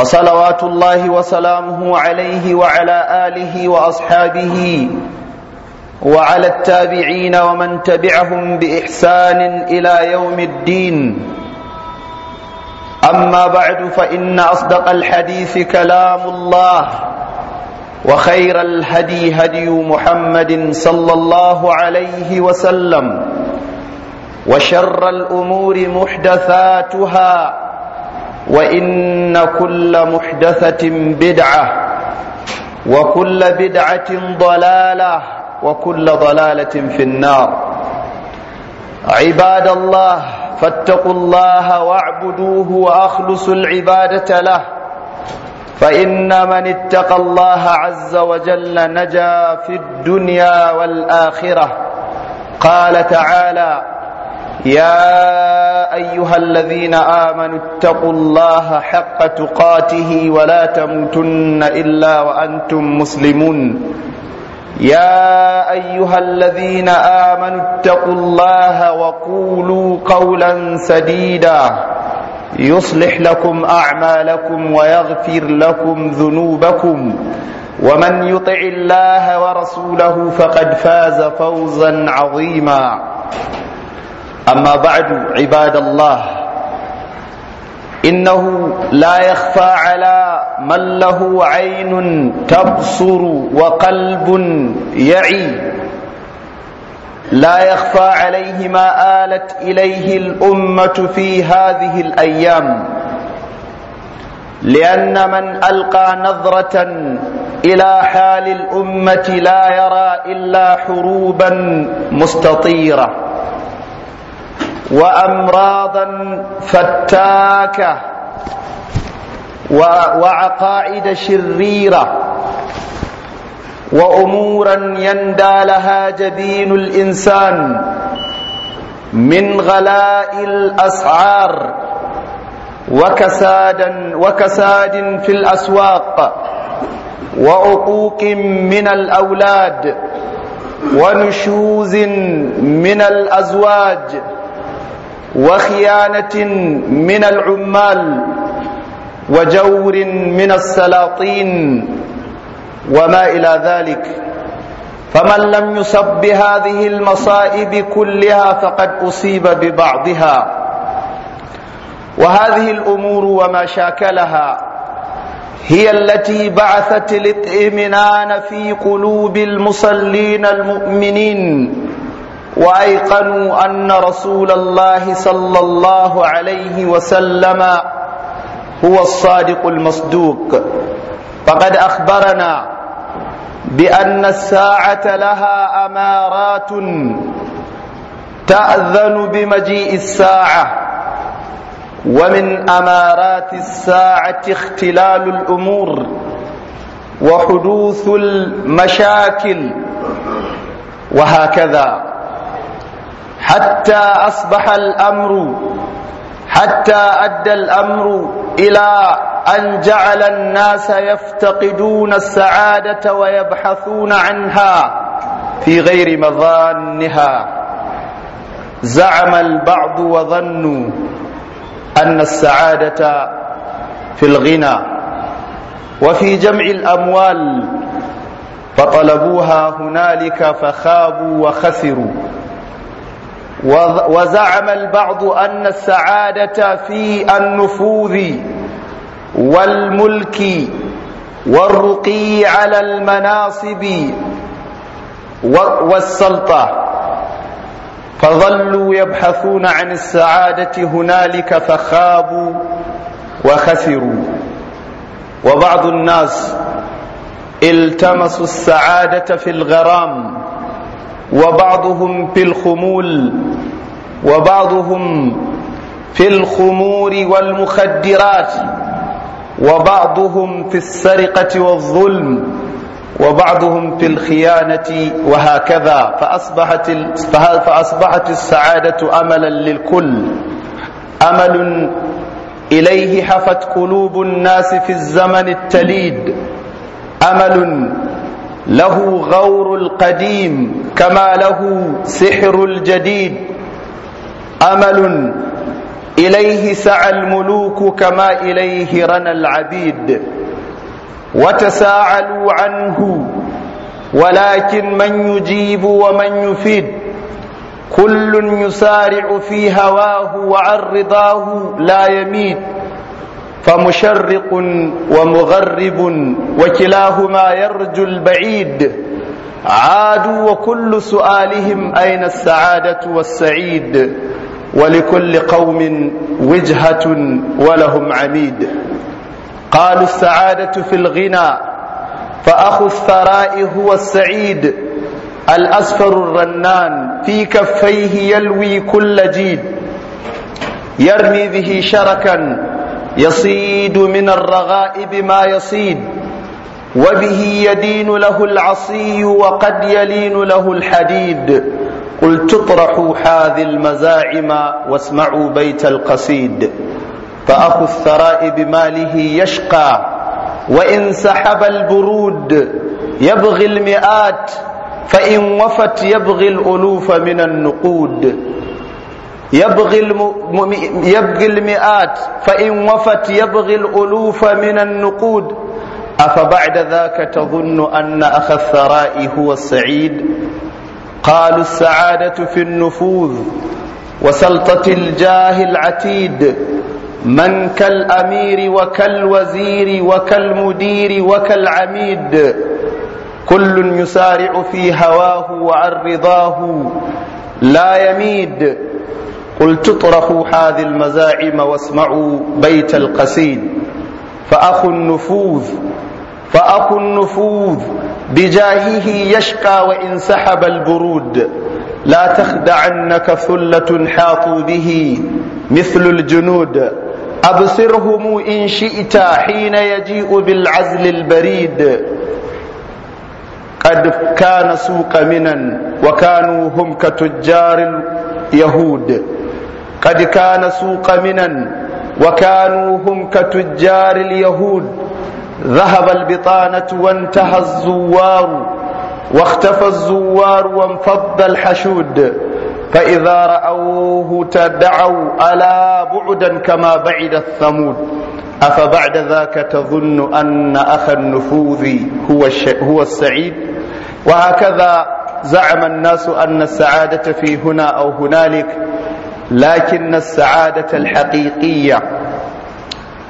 وصلوات الله وسلامه عليه وعلى آله وأصحابه وعلى التابعين ومن تبعهم بإحسان إلى يوم الدين أما بعد فإن أصدق الحديث كلام الله وخير الهدي هدي محمد صلى الله عليه وسلم وشر الأمور محدثاتها وإن كل محدثة بدعة وكل بدعة ضلالة وكل ضلالة في النار عباد الله فاتقوا الله واعبدوه وأخلصوا العبادة له فإن من اتقى الله عز وجل نجا في الدنيا والآخرة قال تعالى يا ايها الذين امنوا اتقوا الله حق تقاته ولا تموتن الا وانتم مسلمون يا ايها الذين امنوا اتقوا الله وقولوا قولا سديدا يصلح لكم اعمالكم ويغفر لكم ذنوبكم ومن يطع الله ورسوله فقد فاز فوزا عظيما أما بعد عباد الله إنه لا يخفى على من له عين تبصر وقلب يعي لا يخفى عليه ما آلت إليه الأمة في هذه الأيام لأن من ألقى نظرة إلى حال الأمة لا يرى إلا حروبا مستطيرة وأمراضا فتاكة وعقائد شريرة وأمورا يندى لها جبين الإنسان من غلاء الأسعار وكسادا وكساد في الأسواق وعقوق من الأولاد ونشوز من الأزواج وخيانة من العمال وجور من السلاطين وما إلى ذلك فمن لم يصب بهذه المصائب كلها فقد أصيب ببعضها وهذه الأمور وما شاكلها هي التي بعثت الاطمئنان في قلوب المصلين المؤمنين وايقنوا ان رسول الله صلى الله عليه وسلم هو الصادق المصدوق فقد اخبرنا بان الساعه لها امارات تاذن بمجيء الساعه ومن امارات الساعه اختلال الامور وحدوث المشاكل وهكذا حتى أصبح الأمر حتى أدى الأمر إلى أن جعل الناس يفتقدون السعادة ويبحثون عنها في غير مظانها زعم البعض وظنوا أن السعادة في الغنى وفي جمع الأموال فطلبوها هنالك فخابوا وخسروا وزعم البعض أن السعادة في النفوذ والملك والرقي على المناصب والسلطة فظلوا يبحثون عن السعادة هنالك فخابوا وخسروا وبعض الناس التمسوا السعادة في الغرام وبعضهم في الخمول وبعضهم في الخمور والمخدرات وبعضهم في السرقة والظلم وبعضهم في الخيانة وهكذا فأصبحت, فأصبحت السعادة أملا للكل أمل إليه حفت قلوب الناس في الزمن التليد أمل له غور القديم كما له سحر الجديد امل اليه سعى الملوك كما اليه رنى العبيد وتساعلوا عنه ولكن من يجيب ومن يفيد كل يسارع في هواه وعن رضاه لا يميد فمشرق ومغرب وكلاهما يرجو البعيد عادوا وكل سؤالهم أين السعادة والسعيد ولكل قوم وجهة ولهم عميد قالوا السعادة في الغنى فأخو الثراء هو السعيد الأسفر الرنان في كفيه يلوي كل جيد يرمي به شركا يصيد من الرغائب ما يصيد وبه يدين له العصي وقد يلين له الحديد قل تطرحوا حاذي المزاعم واسمعوا بيت القصيد فأخو الثراء بماله يشقى وإن سحب البرود يبغي المئات فإن وفت يبغي الألوف من النقود يبغي, الم... يبغي المئات فإن وفت يبغي الألوف من النقود أفبعد ذاك تظن أن أخ الثراء هو السعيد؟ قالوا السعادة في النفوذ وسلطة الجاه العتيد من كالأمير وكالوزير وكالمدير وكالعميد كل يسارع في هواه وعن رضاه لا يميد قل تطرحوا هذه المزاعم واسمعوا بيت القصيد فأخو النفوذ فأخو النفوذ بجاهه يشقى وإن سحب البرود لا تخدعنك ثلة حاطوا به مثل الجنود أبصرهم إن شئت حين يجيء بالعزل البريد قد كان سوق منا وكانوا هم كتجار اليهود قد كان سوق منا وكانوا هم كتجار اليهود ذهب البطانة وانتهى الزوار واختفى الزوار وانفض الحشود فإذا رأوه تدعوا ألا بعدا كما بعد الثمود أفبعد ذاك تظن أن أخ النفوذ هو, هو السعيد وهكذا زعم الناس أن السعادة في هنا أو هنالك لكن السعادة الحقيقية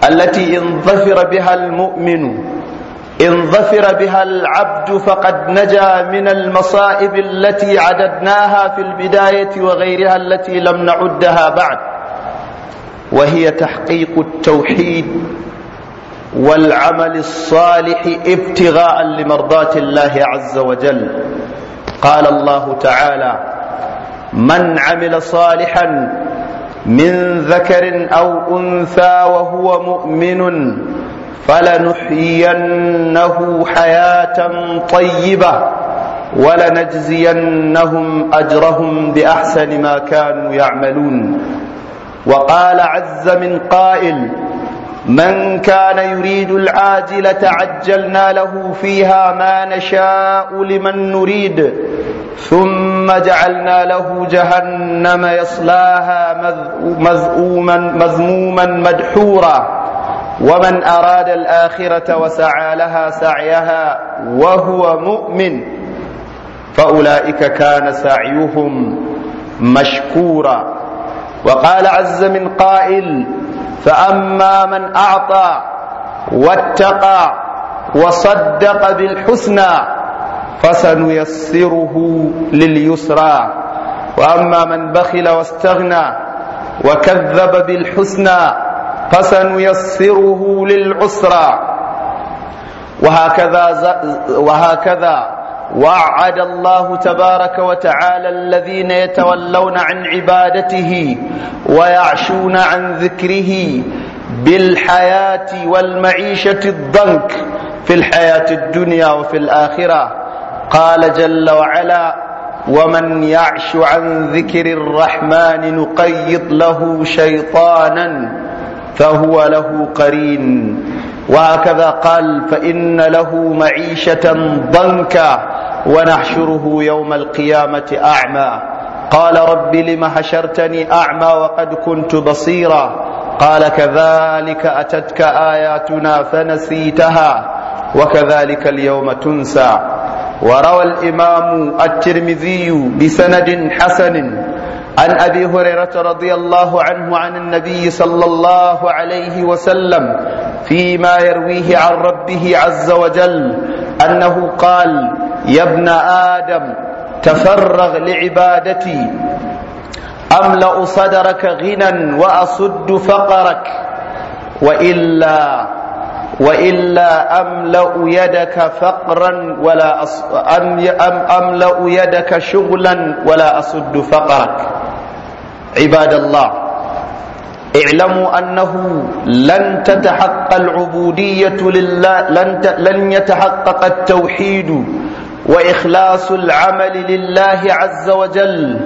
التي إن ظفر بها المؤمن إن ظفر بها العبد فقد نجا من المصائب التي عددناها في البداية وغيرها التي لم نعدها بعد وهي تحقيق التوحيد والعمل الصالح ابتغاء لمرضاة الله عز وجل قال الله تعالى من عمل صالحا من ذكر أو أنثى وهو مؤمن فلنحيينه حياة طيبة ولنجزينهم أجرهم بأحسن ما كانوا يعملون وقال عز من قائل من كان يريد العاجلة عجلنا له فيها ما نشاء لمن نريد ثم ثم جعلنا له جهنم يصلاها مذءوما مذموما مدحورا ومن أراد الآخرة وسعى لها سعيها وهو مؤمن فأولئك كان سعيهم مشكورا وقال عز من قائل فأما من أعطى واتقى وصدق بالحسنى فسنيسره لليسرى واما من بخل واستغنى وكذب بالحسنى فسنيسره للعسرى وهكذا وهكذا وعد الله تبارك وتعالى الذين يتولون عن عبادته ويعشون عن ذكره بالحياه والمعيشه الضنك في الحياه الدنيا وفي الاخره قال جل وعلا ومن يعش عن ذكر الرحمن نقيض له شيطانا فهو له قرين وهكذا قال فإن له معيشة ضنكا ونحشره يوم القيامة أعمى قال رب لم حشرتني أعمى وقد كنت بصيرا قال كذلك أتتك آياتنا فنسيتها وكذلك اليوم تنسى وروى الإمام الترمذي بسند حسن عن أبي هريرة رضي الله عنه عن النبي صلى الله عليه وسلم فيما يرويه عن ربه عز وجل أنه قال يا ابن آدم تفرغ لعبادتي أملأ صدرك غنى وأصد فقرك وإلا وإلا أملأ يدك فقرا ولا أص... أم... أم... أملأ يدك شغلا ولا أسد فقرك عباد الله اعلموا أنه لن تتحقق العبودية لله لن, ت... لن يتحقق التوحيد وإخلاص العمل لله عز وجل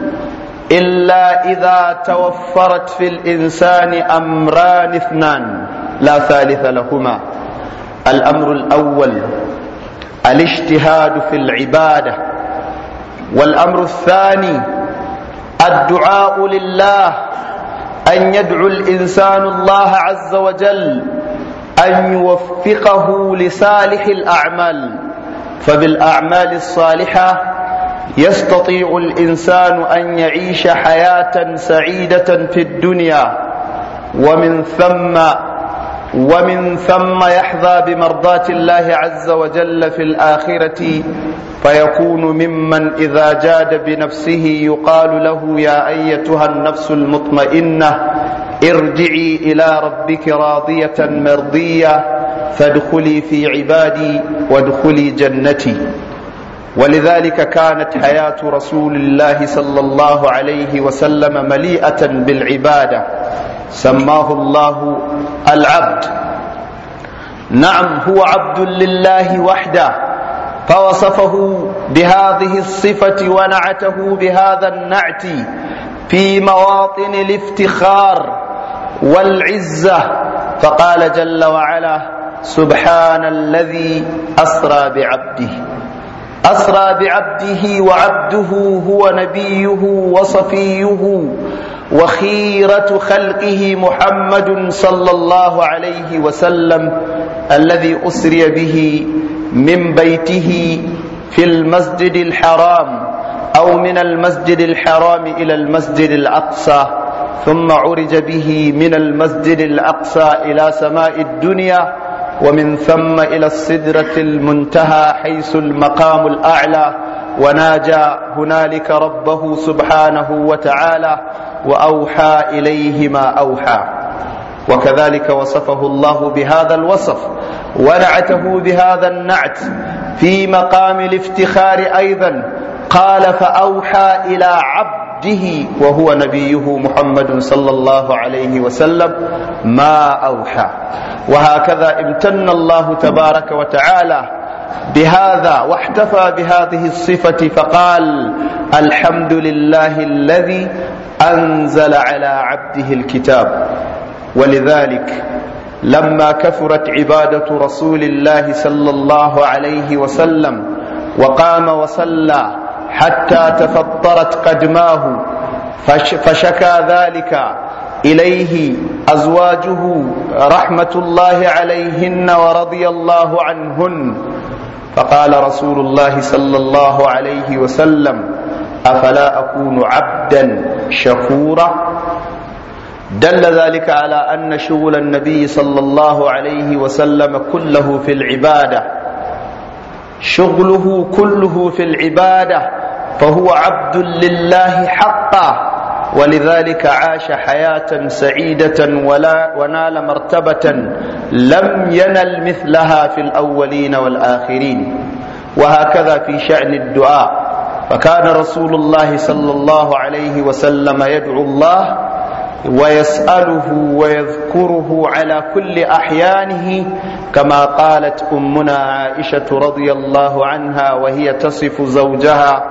إلا إذا توفرت في الإنسان أمران اثنان لا ثالث لهما الأمر الأول الاجتهاد في العبادة والأمر الثاني الدعاء لله أن يدعو الإنسان الله عز وجل أن يوفقه لصالح الأعمال فبالأعمال الصالحة يستطيع الإنسان أن يعيش حياة سعيدة في الدنيا ومن ثم ومن ثم يحظى بمرضاة الله عز وجل في الآخرة فيكون ممن إذا جاد بنفسه يقال له يا أيتها النفس المطمئنة ارجعي إلى ربك راضية مرضية فادخلي في عبادي وادخلي جنتي ولذلك كانت حياة رسول الله صلى الله عليه وسلم مليئة بالعبادة سماه الله العبد نعم هو عبد لله وحده فوصفه بهذه الصفة ونعته بهذا النعت في مواطن الافتخار والعزة فقال جل وعلا سبحان الذي أسرى بعبده أسرى بعبده وعبده هو نبيه وصفيه وخيرة خلقه محمد صلى الله عليه وسلم الذي أسري به من بيته في المسجد الحرام أو من المسجد الحرام إلى المسجد الأقصى ثم عرج به من المسجد الأقصى إلى سماء الدنيا ومن ثم إلى السدرة المنتهى حيث المقام الأعلى وناجى هنالك ربه سبحانه وتعالى واوحى اليه ما اوحى وكذلك وصفه الله بهذا الوصف ونعته بهذا النعت في مقام الافتخار ايضا قال فاوحى الى عبده وهو نبيه محمد صلى الله عليه وسلم ما اوحى وهكذا امتن الله تبارك وتعالى بهذا واحتفى بهذه الصفة فقال الحمد لله الذي أنزل على عبده الكتاب ولذلك لما كثرت عبادة رسول الله صلى الله عليه وسلم وقام وصلى حتى تفطرت قدماه فشكى ذلك إليه أزواجه رحمة الله عليهن ورضي الله عنهن فقال رسول الله صلى الله عليه وسلم أفلا أكون عبدا شكورا دل ذلك على أن شغل النبي صلى الله عليه وسلم كله في العبادة شغله كله في العبادة فهو عبد لله حقا ولذلك عاش حياة سعيدة ولا ونال مرتبة لم ينل مثلها في الأولين والآخرين وهكذا في شأن الدعاء فكان رسول الله صلى الله عليه وسلم يدعو الله ويسأله ويذكره على كل أحيانه كما قالت أمنا عائشة رضي الله عنها وهي تصف زوجها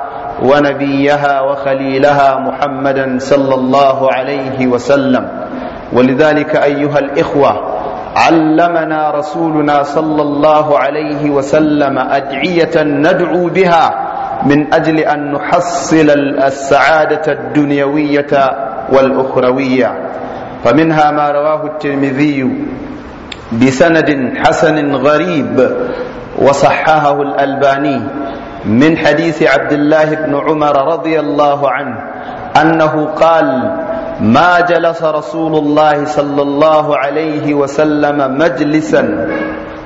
ونبيها وخليلها محمدا صلى الله عليه وسلم ولذلك أيها الإخوة علمنا رسولنا صلى الله عليه وسلم أدعية ندعو بها من أجل أن نحصل السعادة الدنيوية والأخروية فمنها ما رواه الترمذي بسند حسن غريب وصححه الألباني من حديث عبد الله بن عمر رضي الله عنه أنه قال ما جلس رسول الله صلى الله عليه وسلم مجلسا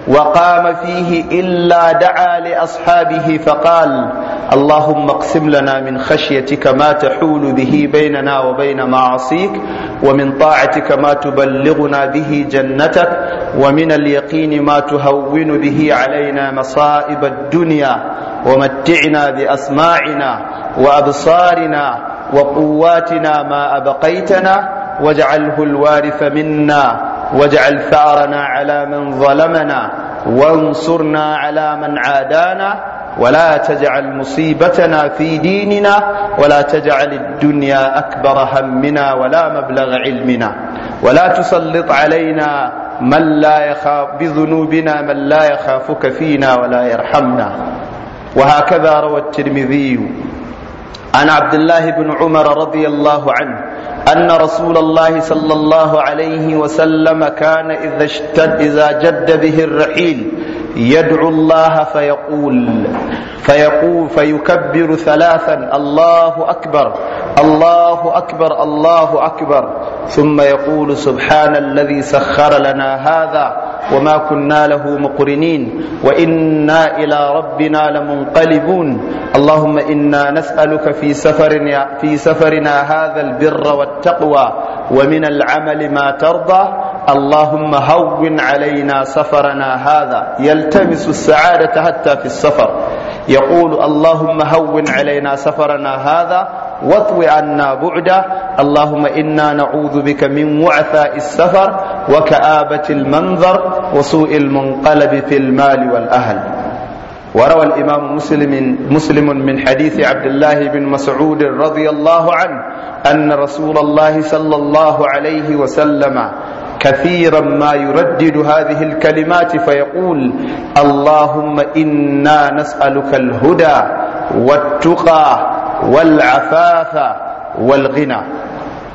وقام فيه الا دعا لاصحابه فقال اللهم اقسم لنا من خشيتك ما تحول به بيننا وبين معاصيك ومن طاعتك ما تبلغنا به جنتك ومن اليقين ما تهون به علينا مصائب الدنيا ومتعنا باسماعنا وابصارنا وقواتنا ما أبقيتنا واجعله الوارث منا واجعل ثأرنا على من ظلمنا وانصرنا على من عادانا ولا تجعل مصيبتنا في ديننا ولا تجعل الدنيا أكبر همنا ولا مبلغ علمنا ولا تسلط علينا من لا يخاف بذنوبنا من لا يخافك فينا ولا يرحمنا وهكذا روى الترمذي عن عبد الله بن عمر رضي الله عنه أن رسول الله صلى الله عليه وسلم كان إذا, اشتد إذا جد به الرحيل يدعو الله فيقول فيقول فيكبر ثلاثا الله أكبر الله أكبر الله أكبر ثم يقول سبحان الذي سخر لنا هذا وما كنا له مقرنين وإنا إلى ربنا لمنقلبون اللهم إنا نسألك في سفرنا في سفرنا هذا البر والتقوى ومن العمل ما ترضى اللهم هون علينا سفرنا هذا يلتمس السعادة حتى في السفر يقول اللهم هون علينا سفرنا هذا واطوي عنا بعده اللهم إنا نعوذ بك من وعثاء السفر وكآبة المنظر وسوء المنقلب في المال والأهل وروى الإمام مسلم مسلم من حديث عبد الله بن مسعود رضي الله عنه أن رسول الله صلى الله عليه وسلم كثيرا ما يردد هذه الكلمات فيقول اللهم انا نسالك الهدى والتقى والعفاف والغنى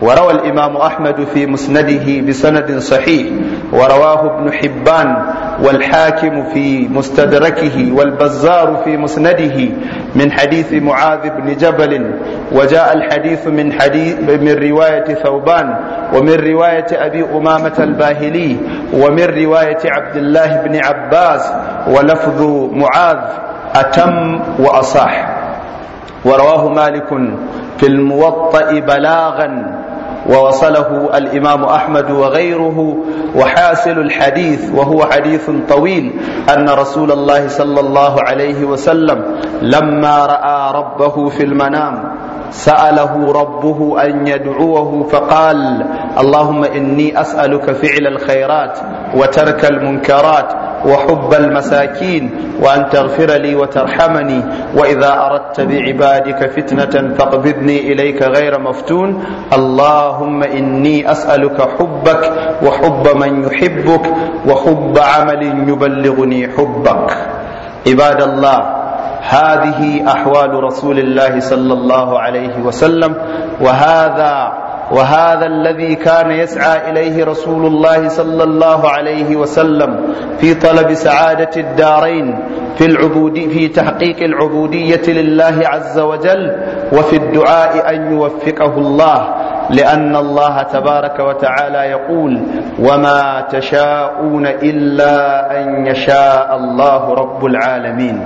وروى الإمام أحمد في مسنده بسند صحيح ورواه ابن حبان والحاكم في مستدركه والبزار في مسنده من حديث معاذ بن جبل وجاء الحديث من حديث من رواية ثوبان ومن رواية أبي أمامة الباهلي ومن رواية عبد الله بن عباس ولفظ معاذ أتم وأصح ورواه مالك في الموطأ بلاغا ووصله الإمام أحمد وغيره وحاصل الحديث وهو حديث طويل أن رسول الله صلى الله عليه وسلم لما رأى ربه في المنام سأله ربه أن يدعوه فقال اللهم إني أسألك فعل الخيرات وترك المنكرات وحب المساكين وأن تغفر لي وترحمني وإذا أردت بعبادك فتنة فاقبضني إليك غير مفتون اللهم إني أسألك حبك وحب من يحبك وحب عمل يبلغني حبك عباد الله هذه أحوال رسول الله صلى الله عليه وسلم وهذا وهذا الذي كان يسعى اليه رسول الله صلى الله عليه وسلم في طلب سعاده الدارين في العبودي في تحقيق العبوديه لله عز وجل وفي الدعاء ان يوفقه الله لأن الله تبارك وتعالى يقول وما تشاءون إلا أن يشاء الله رب العالمين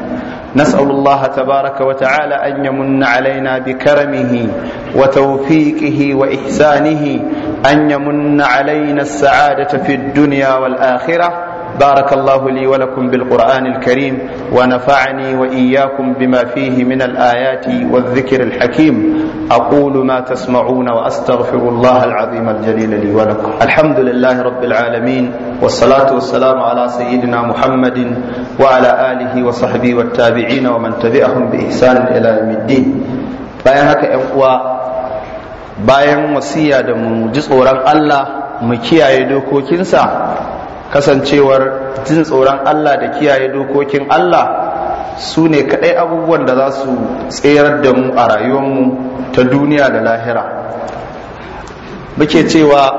نسأل الله تبارك وتعالى أن يمن علينا بكرمه وتوفيقه وإحسانه أن يمن علينا السعادة في الدنيا والآخرة بارك الله لي ولكم بالقرآن الكريم ونفعني وإياكم بما فيه من الآيات والذكر الحكيم أقول ما تسمعون وأستغفر الله العظيم الجليل لي ولكم الحمد لله رب العالمين والصلاة والسلام على سيدنا محمد وعلى آله وصحبه والتابعين ومن تبعهم بإحسان إلى يوم الدين bayan haka ‘yan uwa bayan wasiya da mu ji tsoron Allah mu kiyaye dokokinsa kasancewar jin tsoron Allah da kiyaye dokokin Allah su ne kaɗai abubuwan da za su tsayar da mu a rayuwarmu ta duniya da lahira muke cewa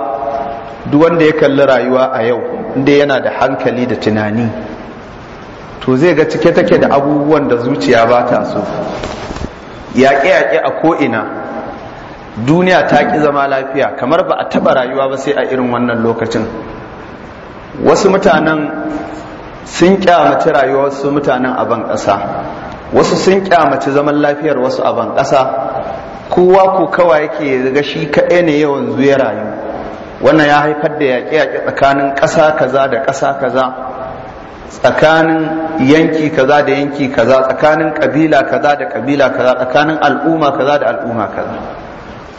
duk wanda ya kalli rayuwa a yau inda yana da hankali da tunani to zai ga cike take da abubuwan da zuciya ba ta so yaƙe-yaƙe a ko'ina duniya ta ƙi zama lafiya kamar ba a taɓa rayuwa ba sai a irin wannan lokacin wasu mutanen sun kyamaci rayuwar wasu mutanen a banƙasa, ƙasa wasu sun kyamaci zaman lafiyar wasu a bankasa kowa ko kawa yake ga shi kaɗai ne yawan ya rayu wannan ya haifar da yaƙe-yaƙe tsakanin ƙasa kaza da ƙasa kaza tsakanin yanki kaza da yanki kaza tsakanin ƙabila kaza da ƙabila kaza tsakanin al'umma kaza da al'umma kaza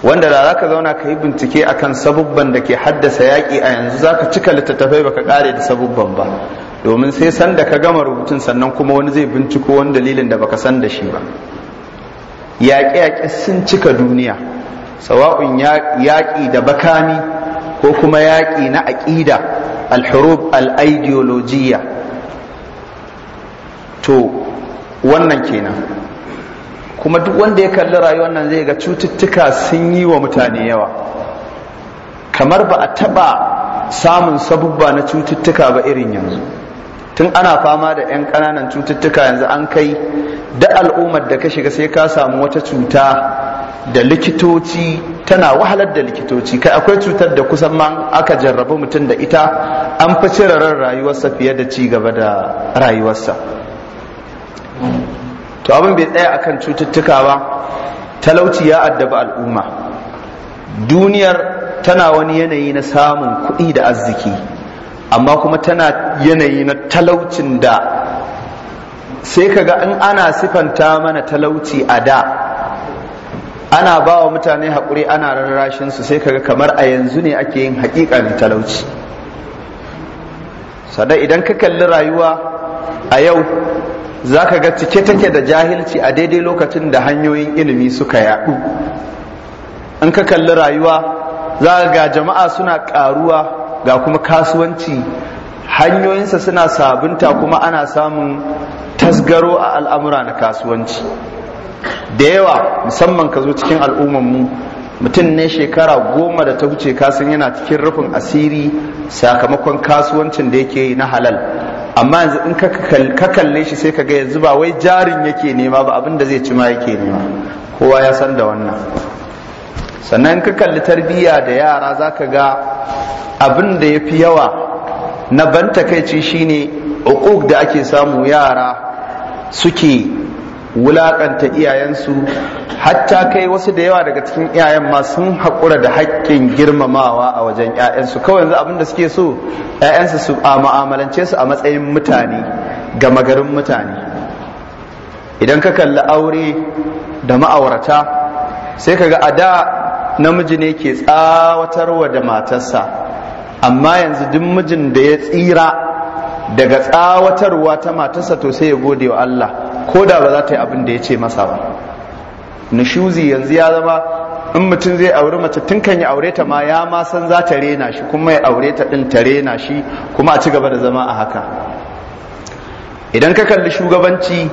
wanda da zaka zauna ka yi bincike a kan sabubban da ke haddasa yaƙi a yanzu zaka cika littattafai baka kare da sabubban ba domin sai san da ka gama rubutun sannan kuma wani zai binciko wani dalilin da baka san da shi ba yaƙe-yaƙe sun cika duniya sawa'un yaƙi da bakani ko kuma yaƙi na aƙida alhurub al'ideologiya to wannan kenan kuma duk wanda ya kalli rayuwar nan zai ga cututtuka sun yi wa mutane yawa kamar ba a taɓa samun sabubba na cututtuka ba irin yanzu tun ana fama da 'yan ƙananan cututtuka yanzu an kai da al'ummar da ka shiga sai ka samu wata cuta da likitoci tana wahalar da likitoci kai akwai cutar da kusan ma aka jarrabu mutum da ita an fi cire rayuwarsa fiye da ci gaba da rayuwarsa to abin bai tsaya akan cututtuka ba talauci ya addaba al'umma duniyar tana wani yanayi na samun kuɗi da arziki amma kuma tana yanayi na talaucin da sai kaga in ana sifanta mana talauci a da ana ba wa mutane haƙuri ana rarrashin su sai kaga kamar a yanzu ne ake yin haƙiƙanin talauci sada idan ka kalli rayuwa a yau za ka ga cike take da jahilci a daidai lokacin da hanyoyin ilimi suka yaɗu in ka kalli rayuwa za ga jama'a suna ƙaruwa ga kuma kasuwanci hanyoyinsa suna sabunta kuma ana samun tasgaro a al'amura na kasuwanci da yawa musamman ka zo cikin al'ummanmu mutum ne shekara goma da ta wuce kasan yana cikin rufin asiri sakamakon kasuwancin da yake na halal amma yanzu in ka kalle shi sai ka ga yanzu ba wai jarin yake nema ba abinda zai ci ma yake nema kowa ya san da wannan sannan ka kalli tarbiyya da yara za ka ga abin da ya fi yawa na ban takaici shine uquq da ake samu yara suke Wulaƙanta iyayensu hatta kai wasu da yawa daga cikin iyayen ma sun haƙura da haƙƙin girmamawa a wajen 'ya'yansu kawai yanzu abin suke so 'ya'yansu su a mu'amalance su a matsayin mutane gama garin mutane idan ka kalli aure da ma'aurata sai ka ga a da namiji ne ke tsawatarwa da matarsa amma yanzu duk mijin da ya tsira daga tsawatarwa ta matarsa to sai ya gode wa Allah ko da ba za ta yi abin da ya ce masa ba nishuzi yanzu ya zama in mutum zai auri mace tun kan ya aure ta ma ya ma san za ta rena shi kuma ya aure ta din ta rena shi kuma a ci gaba da zama a haka idan ka kalli shugabanci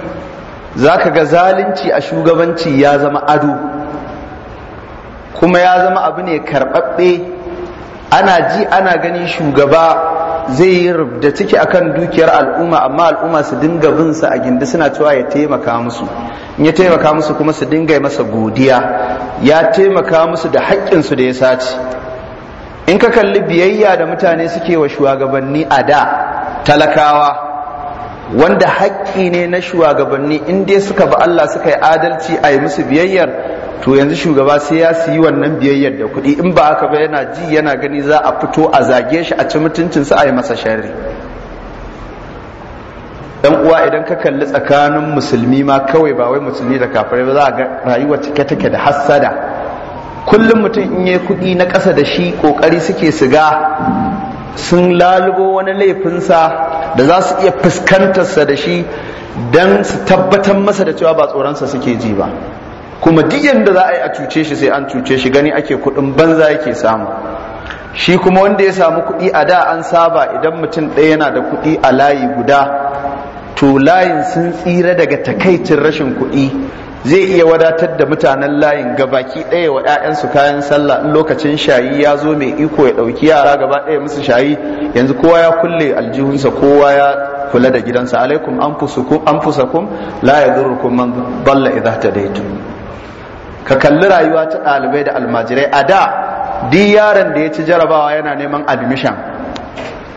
za ka ga zalunci a shugabanci ya zama ado kuma ya zama abu ne karɓaɓɓe ana ji ana gani shugaba zai yi rubda ciki a kan dukiyar al'umma amma al'umma su dinga bin sa a gindi suna cewa ya taimaka musu in ya taimaka musu kuma su dinga masa godiya ya taimaka musu da haƙƙin su da ya sace in ka kalli biyayya da mutane suke wa shugabanni a da talakawa wanda haƙƙi ne na shugabanni in dai suka ba Allah suka yi adalci a yi musu biyayyar to yanzu shugaba sai ya yi wannan biyayyar da kuɗi in ba aka ba yana ji yana gani za a fito a zage shi a ci su a yi masa sharri dan uwa idan ka kalli tsakanin musulmi ma kawai ba wai musulmi da kafirai ba za a ga rayuwa cike take da hassada kullum mutum in yi kuɗi na ƙasa da shi ƙoƙari suke siga sun lalubo wani laifinsa da za su iya fuskantarsa da shi don su tabbatar masa da cewa ba tsoronsa suke ji ba kuma duk yadda za a yi a cuce shi sai an cuce shi gani ake kuɗin banza yake samu shi kuma wanda ya samu kuɗi a da an saba idan mutum ɗaya yana da kuɗi a layi guda to layin sun tsira daga takaicin rashin kuɗi zai iya wadatar da mutanen layin ga baki ɗaya wa 'ya'yansu kayan sallah in lokacin shayi ya zo mai iko ya ɗauki yara gaba ɗaya musu shayi yanzu kowa ya kulle aljihunsa kowa ya kula da gidansa alaikum anfusakum la yadurrukum man dalla idha tadaytum ka kalli rayuwa ta ɗalibai da almajirai a da di yaron da ya ci jarabawa yana neman admission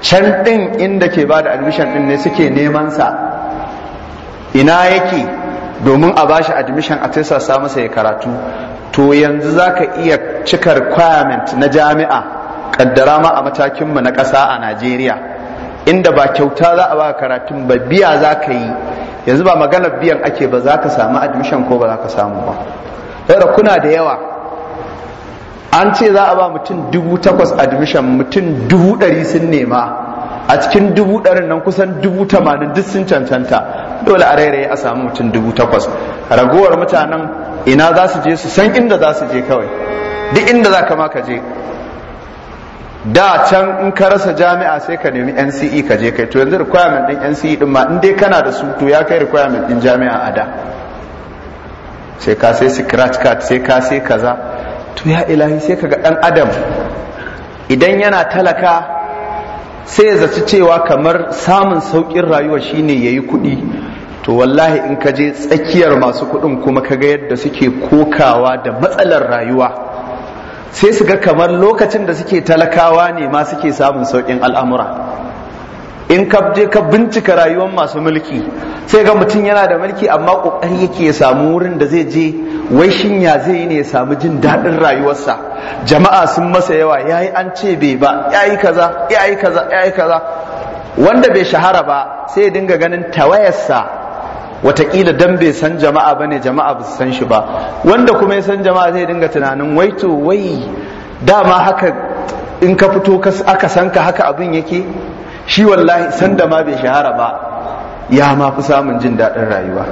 can ɗin inda ke ba da admission ɗin ne suke neman sa ina yake domin a bashi admission a tirsasa masa ya karatu to yanzu za ka iya cika requirement na jami'a kaddara ma a matakinmu na ƙasa a najeriya inda ba kyauta za a ba karatun ba biya za ka yi yanzu ba maganar biyan ake ba za ka samu admission ko ba za ka samu ba yadda kuna da yawa an ce za a ba mutum dubu takwas admission mutum dubu ɗari sun nema a cikin dubu ɗarin nan kusan dubu tamanin duk sun cancanta dole a rairaye a samu mutum dubu takwas ragowar mutanen ina za su je su san inda za su je kawai duk inda za ka ka je da can in ka rasa jami'a sai ka nemi nce ka je kai to yanzu requirement din nce din ma in dai kana da su to ya kai requirement din jami'a a da sai ka sai scratch card sai ka sai kaza to ya ilahi sai kaga dan adam idan yana talaka sai ya zaci cewa kamar samun sauƙin rayuwa shine ya yi kuɗi to wallahi in ka je tsakiyar masu kuɗin kuma ka ga yadda suke kokawa da matsalar rayuwa sai su ga kamar lokacin da suke talakawa ne ma suke samun saukin al'amura in ka je ka bincika rayuwar masu mulki sai ga mutum yana da mulki amma kokari yake ya samu wurin da zai je wai shinya ya zai ne ya samu jin daɗin rayuwarsa jama'a sun masa yawa ya yi an ce bai ba ya yi kaza ya yi kaza ya yi kaza wanda bai shahara ba sai ya dinga ganin tawayarsa watakila dan bai san jama'a ba ne jama'a ba su san shi ba wanda kuma ya san jama'a zai dinga tunanin wai to wai dama haka in ka fito aka san ka haka abin yake shi wallahi sanda ma bai shahara ba ya ma fi samun jin daɗin rayuwa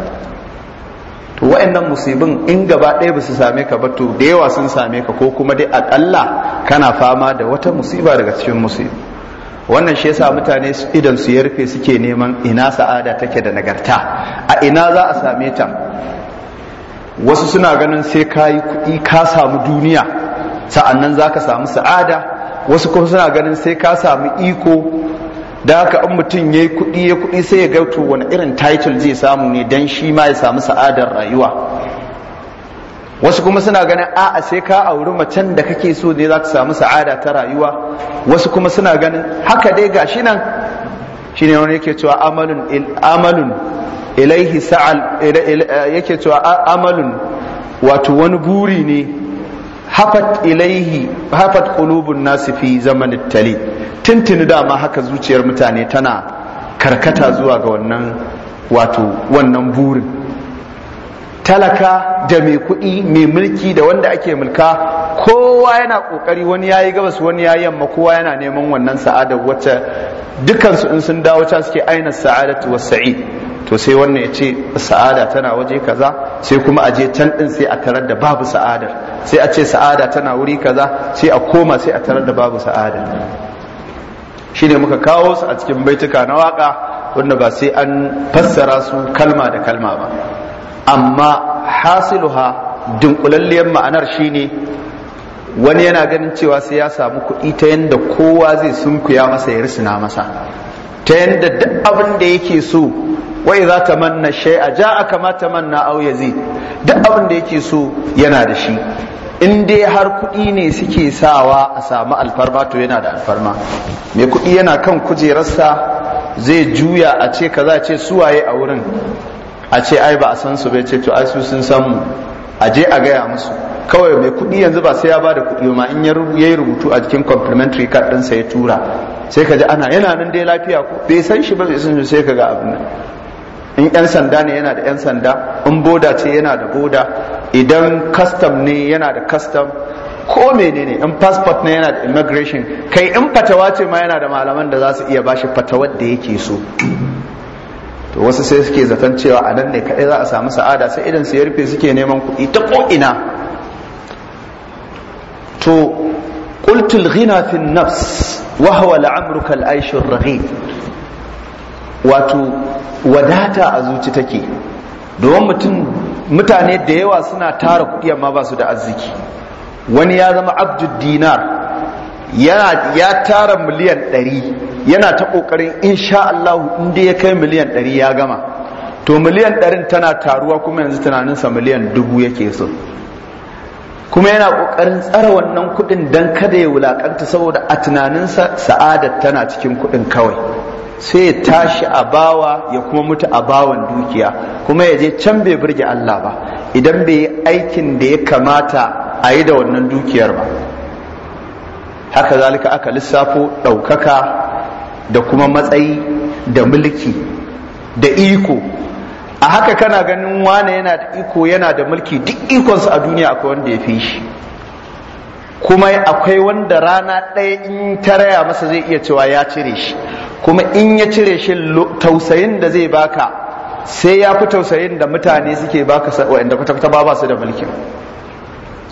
wa'annan musibin in gaba ɗaya ba su same ka ba to da yawa sun same ka ko kuma dai aƙalla kana fama da wata musiba daga cikin musibi wannan shi yasa mutane idan su yarfe suke neman ina sa'ada take da nagarta a ina za a same ta wasu suna ganin sai ka yi kuɗi ka samu duniya sa'annan za ka samu sa'ada wasu kuma suna ganin sai ka samu iko da haka an mutum ya yi kuɗi ya kuɗi sai ya gauto wani irin title zai samu ne don shi ma ya samu sa'adar rayuwa wasu kuma suna ganin a'a sai ka auri macen da kake so ne za ka samu sa'ada ta rayuwa wasu kuma suna ganin haka dai ga shi nan shi ne wani yake cewa amalun ilaihi sa'al yake cewa amalun wato wani buri ne hafat ilaihi hafat qulubun nasi fi zamanin tali tuntuni dama haka zuciyar mutane tana karkata zuwa ga wannan wato wannan burin talaka da mai kuɗi mai mulki da wanda ake mulka kowa yana ƙoƙari wani yayi gabas wani yayi yamma kowa yana neman wannan sa'adar wacce dukansu in sun dawo can suke aina sa'adatu was sa'id to sai wannan ya ce sa'ada tana waje kaza sai kuma a je can din sai a tarar da babu sa'adar sai a ce sa'ada tana wuri kaza sai a koma sai a tarar da babu Sa'ada. Shi ne muka kawo su a cikin baituka na waka wanda ba sai an fassara su kalma da kalma ba amma hasiluha dunkulalliyar ma'anar shine wani yana ganin cewa sai ya samu kuɗi ta yadda kowa zai sunkuya masa ya risina masa ta yadda duk abin da yake so Wai za manna shai a ja a kama manna aw zai duk abin da yake so yana da shi in dai har kuɗi ne suke sawa a samu alfarma to yana da alfarma mai kuɗi yana kan kujerarsa zai juya a ce ka za ce suwaye a wurin a ce ai ba a san su bai ce to ai su sun san mu a je a gaya musu kawai mai kuɗi yanzu ba sai ya ba da kuɗi ma in ya yi rubutu a jikin complimentary card ɗinsa ya tura sai ka ji ana yana nan dai lafiya ko bai san shi ba sai ka ga abin nan in 'yan sanda ne yana da 'yan sanda in boda ce yana da boda idan kastam ne yana da kastam ko menene in passport ne yana da immigration kai in fatawa ce ma yana da malaman da za su iya bashi fatawar da yake so to wasu sai suke zaton cewa a nan ne kaɗai za a samu sa'ada sai idan su ya rufe suke neman kuɗi ta ko'ina to qultul ghina fi nafs wa huwa al'amru kal aishur raghib wato wadata a zuci take domin mutum mutane da yawa suna tara kuɗi amma ba su da arziki wani ya zama abdul dinar ya tara miliyan ɗari yana ta ƙoƙarin insha Allah inda ya kai miliyan ɗari ya gama to miliyan ɗarin tana taruwa kuma yanzu tunaninsa miliyan dubu yake so kuma yana ƙoƙarin tsara wannan kuɗin don kada ya wulaƙanta saboda a tunaninsa sa'adar tana cikin kuɗin kawai sai ya tashi a bawa ya kuma mutu a bawan dukiya kuma ya je can bai burge Allah ba idan bai yi aikin da ya kamata a yi da wannan dukiyar ba haka zalika aka lissafo ɗaukaka da kuma matsayi da mulki da iko a haka kana ganin wane yana da iko yana da mulki duk ikonsa a duniya akwai wanda ya fi shi kuma akwai wanda rana ɗaya in ta raya masa zai iya cewa ya cire shi kuma in ya cire shi tausayin da zai baka sai ya fi tausayin da mutane suke baka waɗanda kwata-kwata ba su da mulkin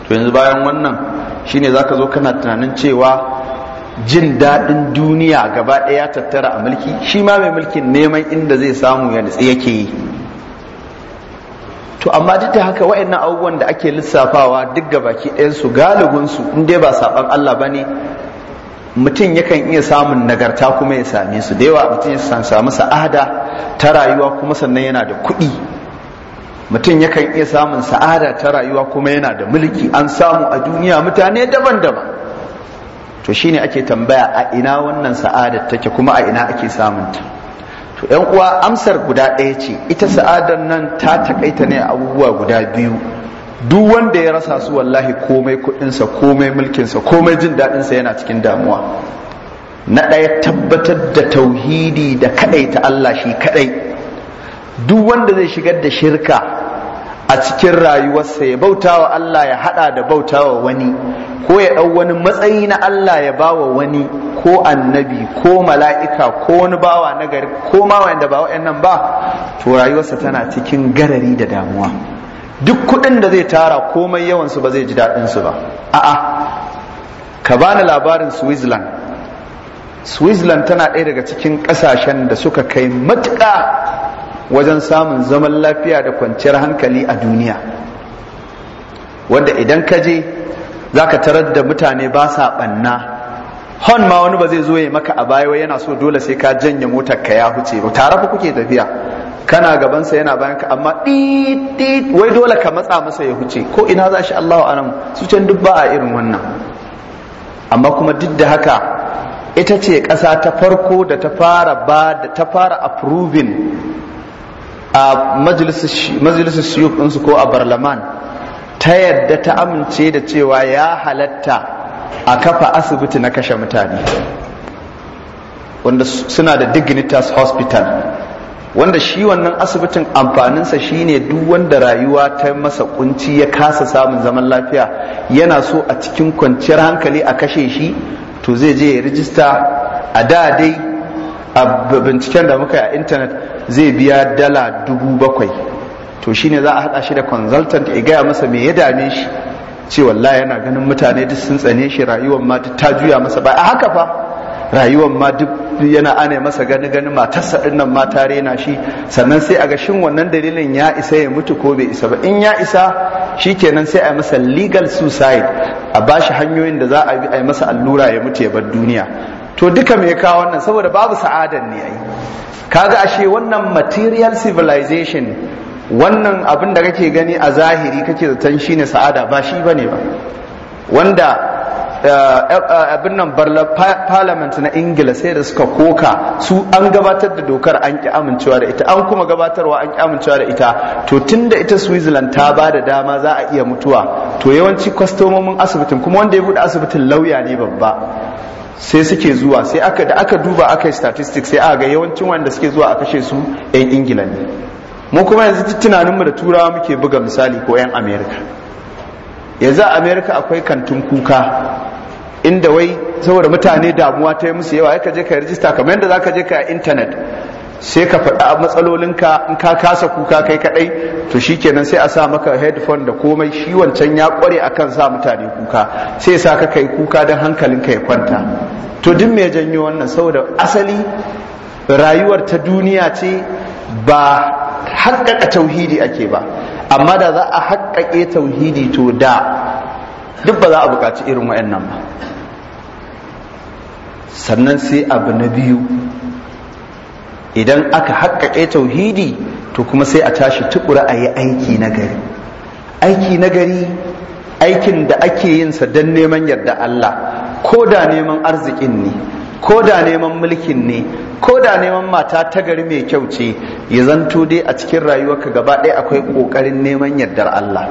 to yanzu bayan wannan shine ka zo kana tunanin cewa jin daɗin duniya gaba ɗaya tattara a mulki shi ma mai mulkin neman inda zai samu ya nutsi yake yi to amma duk da haka wa'annan abubuwan da ake lissafawa duk ga baki ɗayansu galibinsu in dai ba saɓon Allah ba ne mutum yakan iya samun nagarta kuma ya same su da yawa mutum ya samu sa'ada ta rayuwa kuma sannan yana da kuɗi mutum yakan iya samun sa'ada ta rayuwa kuma yana da mulki an samu a duniya mutane daban-daban to shine ake tambaya a ina wannan sa'ada take kuma a ina ake samun ta to yan uwa amsar guda ɗaya ce ita sa'adar nan ta takaita ne abubuwa guda biyu duk wanda ya rasa su wallahi komai kudinsa komai mulkinsa komai jin daɗinsa yana cikin damuwa na ɗaya tabbatar da tauhidi da kaɗai ta Allah shi kaɗai duk wanda zai shigar da shirka a cikin rayuwarsa ya bauta wa Allah ya haɗa da bauta wa wani ko ya ɗau wani matsayi na Allah ya bawa wani ko annabi ko mala'ika ko wani bawa na gari ko ma wanda ba wa'yan nan ba to rayuwarsa tana cikin garari da damuwa duk kudin da zai tara komai yawansu ba zai ji daɗinsu ba a'a ka bani labarin switzerland switzerland tana ɗaya daga cikin ƙasashen da suka kai matuƙa wajen samun zaman lafiya da kwanciyar hankali a duniya wanda idan ka je za ka tarar da mutane ba sa ɓanna hon ma wani ba zai zo ya maka a baya yana so dole sai ka janye motar ka ya huce ba tare fa kuke tafiya kana gabansa yana bayan ka amma ɗiɗɗiɗ wai dole ka matsa masa ya huce ko ina za shi Allahu anan su can duk ba a irin wannan amma kuma duk da haka ita ce ƙasa ta farko da ta fara ba da ta fara approving a majalisar shiyuf ɗinsu ko a barlaman ta yadda ta amince da cewa ya halatta a kafa asibiti na kashe mutane wanda suna da dignitas hospital wanda shi wannan asibitin amfaninsa shine duk wanda rayuwa ta masa kunci ya kasa samun zaman lafiya yana so a cikin kwanciyar hankali a kashe shi to zai je ya rijista a da dai a binciken da muka a intanet zai biya dala dubu bakwai to shine za a haɗa shi da consultant ya gaya masa me ya dame shi ce wallahi yana ganin mutane duk sun tsane shi rayuwar ma ta juya masa ba a haka fa rayuwar ma duk yana ana masa gani gani matarsa din nan ma tare rena shi sannan sai a ga shin wannan dalilin ya isa ya mutu ko bai isa ba in ya isa shikenan sai a masa legal suicide a bashi hanyoyin da za a bi a masa allura ya mutu ya bar duniya to duka me kawo wannan saboda babu sa'adan ne ai kaga ashe wannan material civilization wannan abin da kake gani a zahiri kake zaton shine sa'ada ba shi bane ba wanda Eh, eh, eh, abin nan barla parliament na ingila sai da suka koka su an gabatar da dokar an ki amincewa da ita an kuma gabatarwa an ki amincewa da ita to tunda ita switzerland ta ba da dama za a iya mutuwa to yawanci kwastomomin asibitin kuma wanda ya bude asibitin lauya ne babba sai suke zuwa sai aka da aka duba aka yi statistics sai aka ga yawancin wanda suke zuwa a kashe su 'yan ingila ne mu kuma yanzu tunaninmu da turawa muke buga misali ko 'yan america yanzu a america akwai kantin kuka inda wai saboda mutane damuwa ta yi musu yawa ya ka je ka rijista kamar yadda za ka je ka a intanet sai ka faɗa matsalolinka in ka kasa kuka kai kaɗai to shi kenan sai a sa maka headphone da komai shi wancan ya ƙware a kan sa mutane kuka sai sa ka kai kuka don hankalinka ya kwanta to duk mai janyo wannan saboda asali rayuwar ta duniya ce ba haƙƙaƙa tauhidi ake ba amma da za a haƙaƙe tauhidi to da duk ba za a bukaci irin wayannan ba sannan sai abu na biyu idan aka haƙaƙe tauhidi to kuma sai a tashi tukura a yi aiki na gari aiki na gari aikin da ake yinsa don neman yarda Allah ko da neman arzikin ne ko da neman mulkin ne ko da neman mata ta gari mai kyau ce ya zanto dai a cikin ka gaba ɗaya akwai ƙoƙarin neman yardar Allah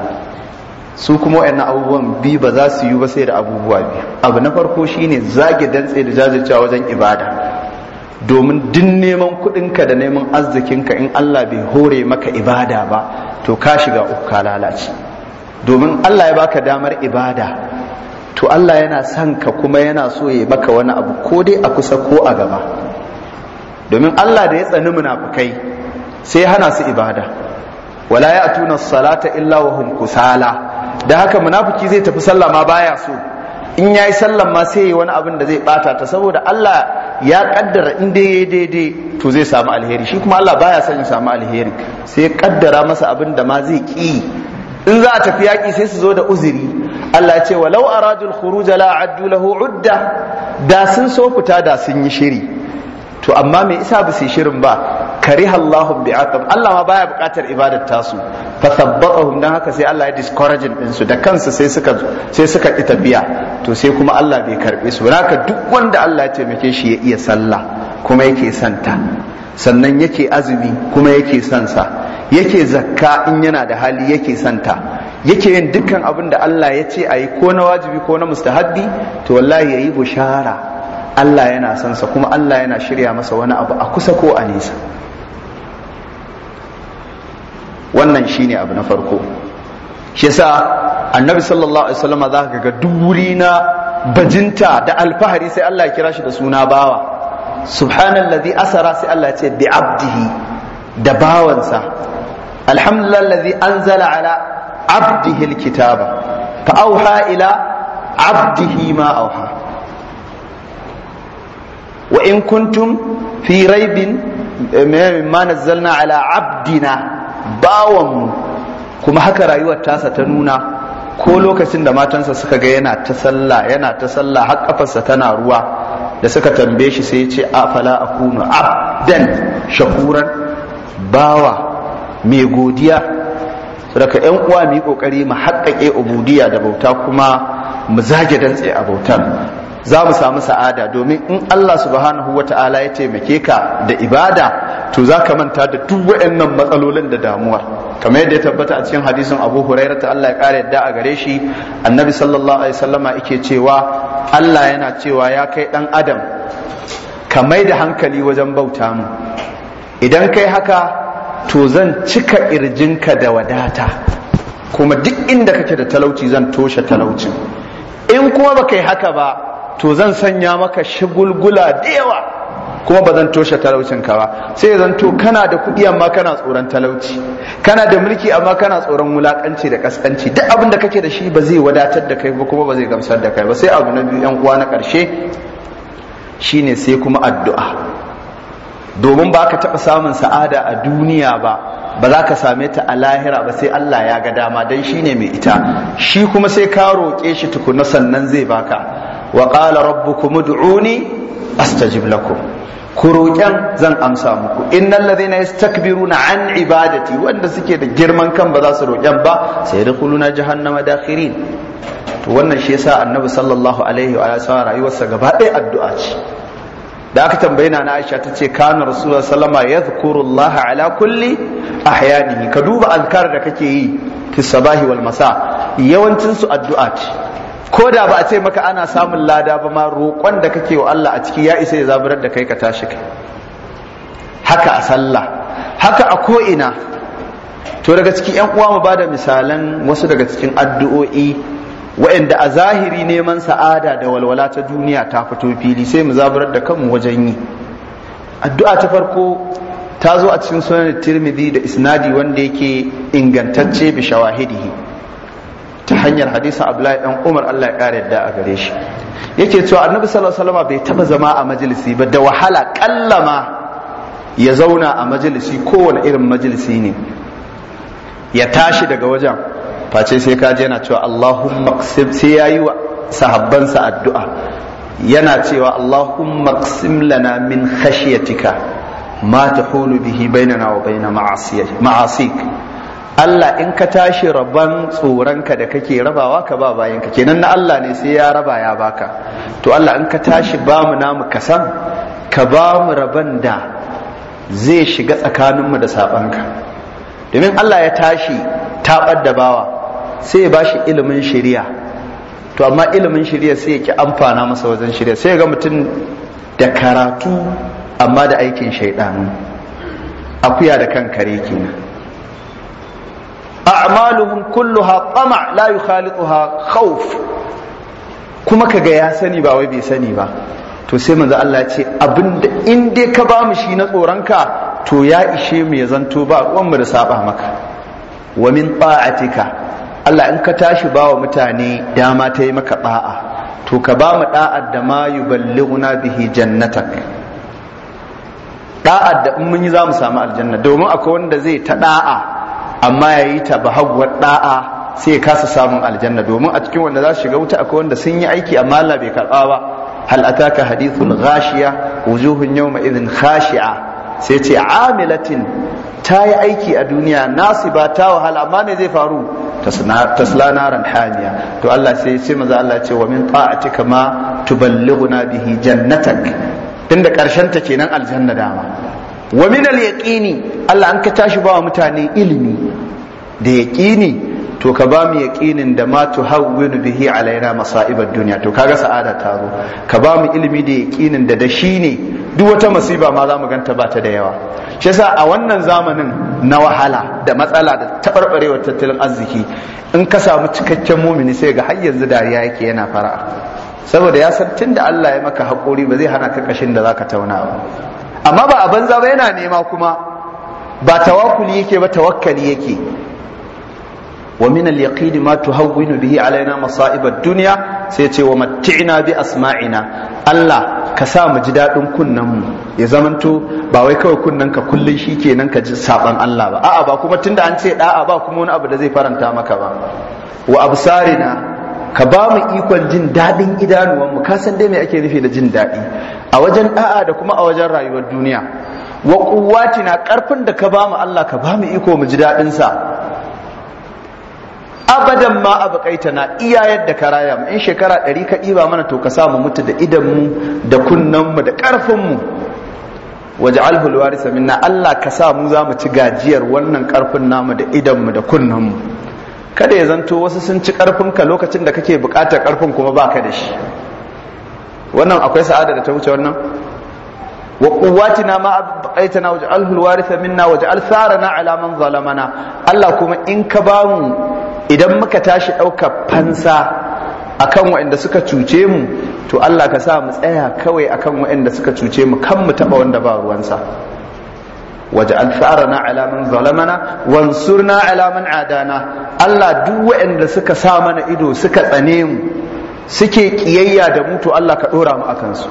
su kuma wayannan abubuwan bi ba za su yi ba sai da abubuwa biyu abu na farko shine zage dantse da jajircewa wajen ibada domin duk neman kudinka da neman arzikinka in Allah bai hore maka ibada ba to ka shiga uku ka lalace domin Allah ya baka damar ibada to Allah yana son ka kuma yana so ya maka wani abu ko dai a kusa ko a gaba domin Allah da ya tsani munafukai sai hana su ibada wala ya atuna salata illa wa hum kusala da haka munafiki zai tafi sallah ma baya so in yayi sallah ma sai yayi wani abin da zai bata ta saboda Allah ya kaddara in dai dai daidai to zai samu alheri shi kuma Allah baya son ya samu alheri sai ya kaddara masa abin da ma zai ki in za a tafi yaƙi sai su zo da uzuri Allah ya ce walau aradul khuruj la addu lahu udda da sun so fita da sun yi shiri to amma me isa ba su shirin ba kariha Allahu bi'aqab Allah ma baya bukatar ibadar tasu fa sabbatahum dan haka sai Allah ya discouraging din su da kansu sai suka sai suka ki tafiya to sai kuma Allah bai karbe su haka duk wanda Allah ya taimake shi ya iya sallah kuma yake santa sannan yake azumi kuma yake sansa yake zakka in yana da hali yake santa yake yin dukkan abin da Allah ya ce a yi ko na wajibi ko na mustahabbi to wallahi ya yi bushara Allah yana son sa kuma Allah yana shirya masa wani abu a kusa ko a nesa wannan shine abu na farko shi yasa annabi sallallahu alaihi wasallam za ka ga duk wuri na bajinta da alfahari sai Allah ya kira shi da suna bawa subhanallazi asara sai Allah ya ce bi abdihi da bawansa alhamdulillahi anzala ala abdihi alkitaba fa auha ila abdihi ma auha wa in kuntum fi raibin eh, mimma nazzalna ala abdina bawanmu kuma haka rayuwar tasa ta nuna ko lokacin da matansa suka ga yana ta sallah yana ta sallah har kafarsa tana ruwa da suka tambaye shi sai ya ce a fala akunu abdan shakuran bawa mai godiya raka yan uwa mu yi kokari mu haƙƙaƙe ubudiyya da bauta kuma mu zage dantse a bautan. za mu samu sa'ada domin in Allah subhanahu wa ta'ala ya taimake ka da ibada to za ka manta da duk waɗannan matsalolin da damuwar kamar yadda ya tabbata a cikin hadisin Abu Hurairah ta Allah ya ƙara yadda a gare shi annabi sallallahu alaihi wasallama yake cewa Allah yana cewa ya kai ɗan adam ka mai da hankali wajen bauta mu idan kai haka to zan cika irjinka da wadata kuma duk inda kake da talauci zan toshe talauci. in kuma baka yi haka ba to zan sanya maka shagulgula da yawa kuma ba zan toshe talaucinka ba sai zan to kana da kuɗi amma kana tsoron talauci kana da mulki amma kana tsoron wulakanci da kaskanci duk abin da kake da shi ba zai wadatar da kai ba kuma ba zai gamsar da kai ba sai abu na biyu yan uwa na ƙarshe shine sai kuma addu'a domin ba ka taɓa samun sa'ada a duniya ba ba za ka same ta a lahira ba sai Allah ya ga dama Dan shine mai ita shi kuma sai ka roƙe shi tukuna sannan zai baka wa qala rabbukum ud'uni astajib lakum ku roƙen zan amsa muku In innal ladhina yastakbiruna an ibadati wanda suke da girman kan ba za su roƙen ba sai yadkhuluna jahannama dakhirin to wannan shi yasa annabi sallallahu alaihi wa sallam rayuwarsa gaba ɗaya addu'a ce da aka tambaye na na Aisha tace kana rasulullah sallama yadhkurullaha ala kulli ahyanihi ka duba azkar da kake yi fi sabahi wal masa yawancin su addu'a ce ko da ba a ce maka ana samun lada ba ma roƙon da kake wa Allah a ciki ya isa ya zaburar da kai ka tashi kai haka a sallah haka a ko'ina to daga cikin 'yan uwa mu ba da misalan wasu daga cikin addu'o'i wa'anda a zahiri neman sa'ada da walwala ta duniya ta fito fili sai mu zaburar da kanmu wajen yi addu'a ta farko ta zo a cikin sunan tirmidhi da isnadi wanda yake ingantacce bi shawahidihi ta hanyar hadisin Abdullahi dan Umar Allah ya kare yadda a gare shi yake cewa Annabi sallallahu alaihi wasallam bai taba zama a majalisi ba da wahala kallama ya zauna a majalisi kowane irin majalisi ne ya tashi daga wajen face sai ka je yana cewa Allahumma sai yayi wa sahabbansa addu'a yana cewa Allahumma qsim lana min khashyatika ma tahulu bihi bainana wa bain ma'asiyik Allah in ka tashi rabon tsoronka da kake rabawa ka ba bayanka kenan na Allah ne sai ya raba ya baka to Allah in ka tashi ba mu namu kasan ka ba mu rabon da zai shiga tsakaninmu da sabanka domin Allah ya tashi taɓar da bawa sai ya ba ilimin shari'a to amma ilimin shari'a sai ya ki amfana masa wajen shari'a sai ya ga mutum da karatu amma da aikin shaidanu akuya da kan kare kenan a'maluhum kulluha tama la yukhaliquha khawf kuma kaga ya sani ba wai bai sani ba to sai manzo Allah ce abinda in dai ka ba mu shi na tsoronka to ya ishe mu ya zanto ba ruwan mu da saba maka wa min ta'atika Allah in ka tashi ba wa mutane dama ta yi maka ba'a to ka ba mu da'ar da ma yuballighuna bihi jannatak da'ar da mun yi za mu samu aljanna domin akwai wanda zai ta da'a amma ya yi ta bahagwar da'a sai ya kasa samun aljanna domin a cikin wanda za su shiga wuta akwai wanda sun yi aiki amma Allah bai karɓa ba hal ataka hadithun ghashiya wujuhun yawma idhin khashi'a sai ce amilatin ta yi aiki a duniya nasiba ta wahala amma me zai faru tasla naran hamiya to Allah sai sai maza Allah ce wa min ta'atika ma tuballighuna bihi jannatak tunda karshen ta kenan aljanna dama wa min al-yaqini Allah an ka tashi ba wa mutane ilimi da yaqini to ka ba mu yaqinin da ma hawwinu bihi alaina masa'ibad dunya to kaga sa'ada ta zo ka ba mu ilimi da yaqinin da da ne duk wata masiba ma za mu ganta ba ta da yawa shi yasa a wannan zamanin na wahala da matsala da tabarbarewar tattalin arziki in ka samu cikakken mumini sai ga har yanzu dariya yake yana fara'a saboda ya san tunda Allah ya maka haƙuri ba zai hana ka kashin da zaka tauna ba amma ba a banza ba yana nema kuma ba tawakkuli yake ba tawakkali yake wa min al-yaqini ma tuhawwinu bihi alaina masa'ib ad-dunya sai ce wa matti'na bi asma'ina Allah ka sa mu ji dadin kunnan mu ya zamanto ba wai kawai kunnan ka kullun shikenan ka ji saban Allah ba a'a ba kuma tunda an ce da'a ba kuma wani abu da zai faranta maka ba wa absarina ka ba mu ikon jin daɗin idanuwanmu ka san dai me ake rufe da jin daɗi a wajen ɗa'a da kuma a wajen rayuwar duniya wa na ƙarfin da ka ba mu Allah ka ba mu iko mu ji daɗin sa abadan ma kaita na iya yadda ka raya mu in shekara ɗari ka ɗiba mana to ka sa mu mutu da idan mu da kunnen da ƙarfin mu waj'alhu alwarisa Allah ka sa mu za mu ci gajiyar wannan ƙarfin namu da idan da kunnen kada ya zanto wasu sun ci ƙarfinka lokacin da kake bukatar karfin kuma baka da shi wannan akwai sa'ada da ta wuce wannan wa quwwatina ma abqaitana waj'alhu alwaritha minna ja'al tharana ala man zalamana Allah kuma in ka ba mu idan muka tashi ɗaukar fansa akan waɗanda suka cuce mu to Allah ka sa mu tsaya kawai akan waɗanda suka cuce mu kan mu taba wanda ba ruwansa waj'al na ala man zalamana wansurna ala man adana Allah duk waɗanda suka sa mana ido suka tsane mu suke kiyayya da mutu Allah ka ɗora mu akan su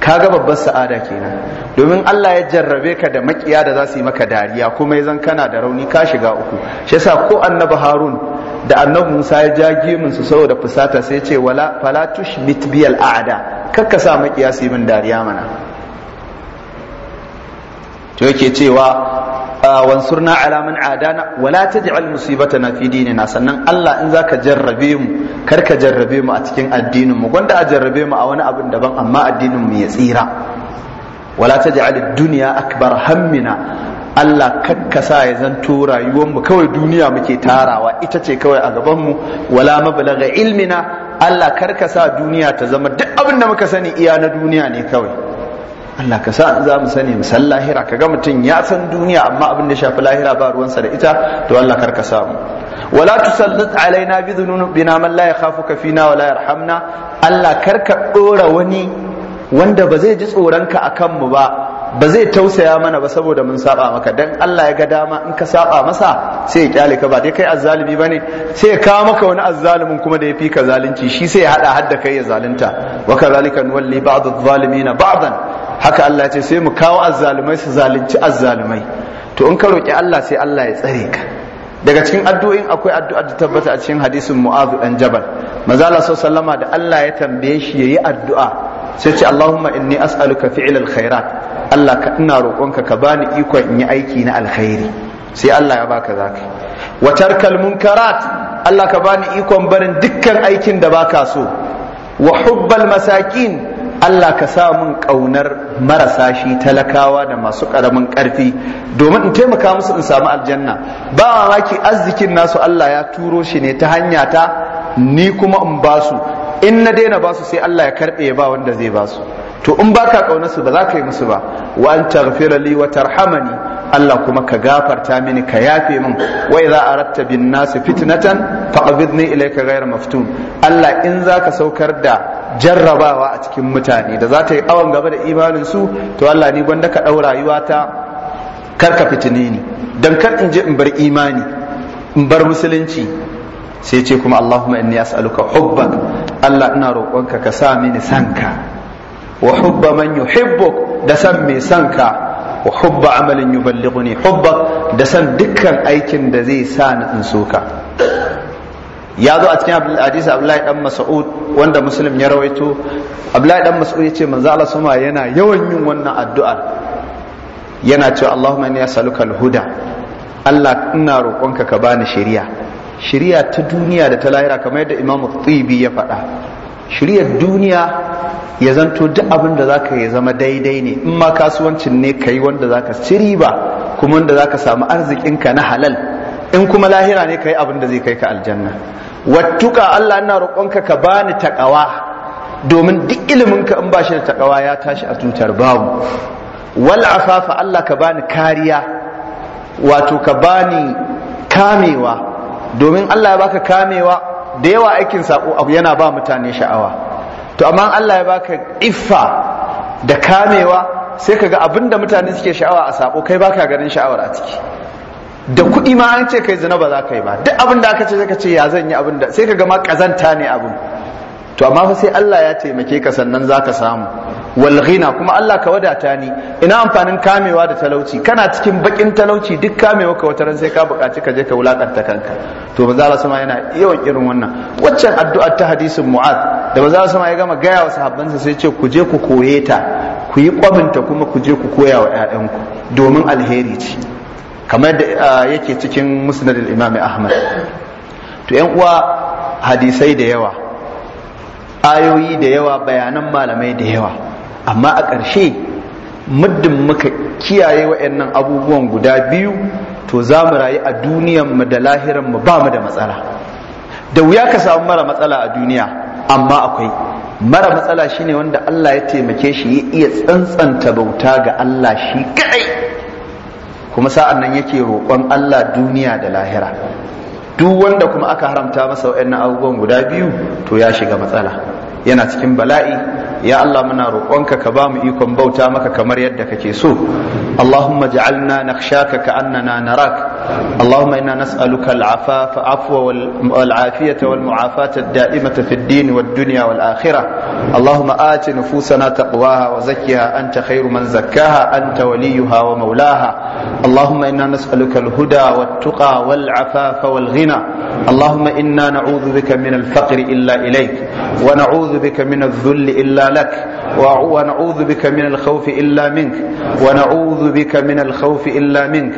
kaga babbar sa'ada kenan domin Allah ya jarrabe ka da makiya da za su yi maka dariya kuma ya zan kana da rauni ka shiga uku shi yasa ko annabi Harun da annabi Musa ya ja gemin su saboda fusata sai ya ce wala fala tushbit biyal a'da kakka sa maƙiya su yi min dariya mana to yake cewa ah, wansurna ala man adana wala taj'al musibatana fi dinina sannan Allah in zaka jarrabe mu kar ka jarrabe mu a cikin addinin mu gwanda a jarrabe mu a wani abin daban amma addinin mu ya tsira wala taj'al ad-dunya akbar hammina Allah kakkasa ya zanto mu kawai duniya muke tarawa ita ce kawai a gabanmu wala mablaga ilmina Allah karkasa duniya ta zama duk abin da muka sani iya na duniya ne kawai Allah ka sa za mu sani mu san lahira kaga mutum ya san duniya amma abin da shafi lahira ba ruwansa da ita to Allah kar ka samu wala tusallit alaina bi dhunubina man la yakhafuka fina wala yarhamna Allah kar ka dora wani wanda ba zai ji tsoronka akan mu ba ba zai tausaya mana ba saboda mun saba maka dan Allah ya ga dama in ka saba masa sai ya kyale ka ba dai kai azzalimi bane sai ya kawo maka wani azzalimin kuma da ya fi ka zalunci shi sai ya hada hadda kai ya zalunta wa kadhalika nuwalli ba'd adh ba'dan haka Allah ya ce sai mu kawo azzalimai su zalunci azzalimai to in ka roki Allah sai Allah ya tsare ka daga cikin addu'o'in akwai addu'a da tabbata a cikin hadisin Mu'adh dan Jabal manzo Allah sallama da Allah ya tambaye shi yayi addu'a sai ce Allahumma inni as'aluka fi'lal khairat Allah ina roƙonka ka bani ikon in yi aiki na alkhairi sai Allah ya baka zaka wa tarkal munkarat Allah ka bani ikon barin dukkan aikin da baka so wa hubbal masakin Allah ka sa mun ƙaunar marasa shi talakawa da masu ƙaramin ƙarfi domin in taimaka musu in samu aljanna ba mamaki arzikin nasu Allah ya turo shi ne ta hanya ta ni kuma in basu in na daina basu sai Allah ya karɓe ya ba wanda zai basu to in baka kauna su ba za ka yi musu ba wa an taghfira li wa tarhamani Allah kuma ka gafarta mini ka yafe min wa idza aratta bin nas fitnatan faqbidni ilayka ghayra maftun Allah in za ka saukar da jarrabawa a cikin mutane da za ta yi awan gaba da imanin su to Allah ni gwanda ka daura rayuwata kar ka fitine ni dan kar in je in bar imani in bar musulunci sai ce kuma Allahumma inni as'aluka hubbak Allah ina roƙonka ka sa mini sanka wa hubba man yuhibbuk da san mai san ka wa hubba amalin ne. hubba da san dukkan aikin da zai sa ni in so ka ya zo a cikin hadisi Abdullahi dan wanda Muslim ya rawaito Abdullahi dan Mas'ud yace manzo Allah sama yana yawan yin wannan addu'a yana cewa Allahumma inni ya al-huda Allah ina roƙonka ka bani shiriya. Shiriya ta duniya da ta lahira kamar yadda Imam Tibi ya faɗa shari'ar duniya ya zanto duk abin da zaka ya zama daidai ne in ma kasuwancin ne kai wanda zaka ci riba kuma wanda zaka samu arzikinka na halal in kuma lahira ne kai abin da zai kai ka aljanna wattuka Allah ina roƙonka ka bani takawa domin duk ilimin ka in ba shi da takawa ya tashi a tutar babu wal afafa Allah ka bani kariya wato ka bani kamewa domin Allah ya baka kamewa da yawa aikin sako yana ba mutane sha'awa to amma Allah ya baka iffa da kamewa sai kaga abinda mutane suke sha'awa a sako kai baka ganin sha'awar a ciki da kuɗi ma an ce kai zina ba za ka yi ba duk abin da aka ce ka ce ya zan yi abin sai ka gama kazanta ne abin to amma fa sai Allah ya taimake ka sannan za ka samu walghina kuma Allah ka wadata ni ina amfanin kamewa da talauci kana cikin bakin talauci duk kamewa ka ran sai ka buƙaci ka je ka wulakanta kanka to manzo Allah sama yana yawan irin wannan waccan addu'a ta hadisin Mu'ad da manzo Allah sama ya gama gaya wa sahabbansa sai ce ku je ku koye ta ku yi kwabinta kuma ku je ku koya wa ƴaƴanku domin alheri ce kamar da yake cikin musnad Imami Ahmad to ƴan uwa hadisai da yawa ayoyi da yawa bayanan malamai da yawa amma a ƙarshe muddin muka kiyaye wa'annan abubuwan guda biyu to za mu rayu a duniyanmu da mu ba mu da matsala da wuya ka samu mara matsala a duniya amma akwai mara matsala shine wanda Allah ya taimake shi ya iya tsantsanta bauta ga Allah shi kadai kuma sa'an nan yake roƙon Allah duniya da lahira duk wanda kuma aka haramta masa wa'annan abubuwan guda biyu to ya shiga matsala yana cikin bala'i ya Allah muna roƙonka ka ba mu ikon bauta maka kamar yadda kake so Allahumma ja'alna nakhshaka ka annana narak اللهم إنا نسألك العفاف عفو والعافية والمعافاة الدائمة في الدين والدنيا والآخرة اللهم آت نفوسنا تقواها وزكها أنت خير من زكاها أنت وليها ومولاها اللهم إنا نسألك الهدى والتقى والعفاف والغنى اللهم إنا نعوذ بك من الفقر إلا إليك ونعوذ بك من الذل إلا لك ونعوذ بك من الخوف إلا منك ونعوذ بك من الخوف إلا منك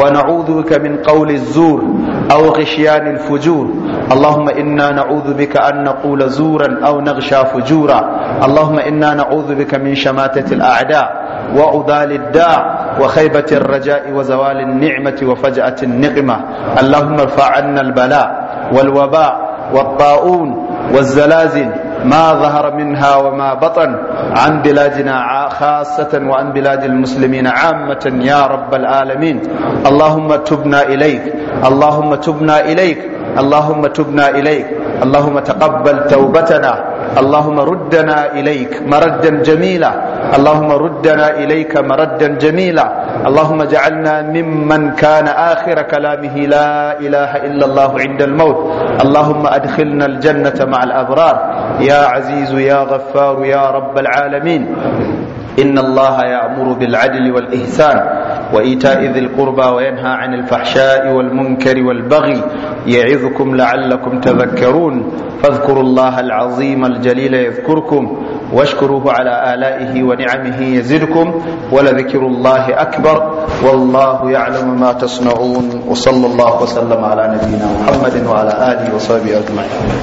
ونعوذ بك من قول الزور أو غشيان الفجور اللهم إنا نعوذ بك أن نقول زورا أو نغشى فجورا اللهم إنا نعوذ بك من شماتة الأعداء وعضال الداع وخيبة الرجاء وزوال النعمة وفجأة النقمة اللهم ارفع عنا البلاء والوباء والطاعون والزلازل ما ظهر منها وما بطن عن بلادنا خاصة وعن بلاد المسلمين عامة يا رب العالمين اللهم تبنا إليك اللهم تبنا إليك اللهم تبنا إليك اللهم تقبل توبتنا اللهم ردنا إليك مردا جميلا اللهم ردنا إليك مردا جميلا اللهم اجعلنا ممن كان آخر كلامه لا إله إلا الله عند الموت اللهم أدخلنا الجنة مع الأبرار يا عزيز يا غفار يا رب العالمين إن الله يأمر بالعدل والإحسان وإيتاء ذي القربى وينهى عن الفحشاء والمنكر والبغي يعظكم لعلكم تذكرون فاذكروا الله العظيم الجليل يذكركم واشكروه على آلائه ونعمه يزدكم ولذكر الله أكبر والله يعلم ما تصنعون وصلى الله وسلم على نبينا محمد وعلى آله وصحبه أجمعين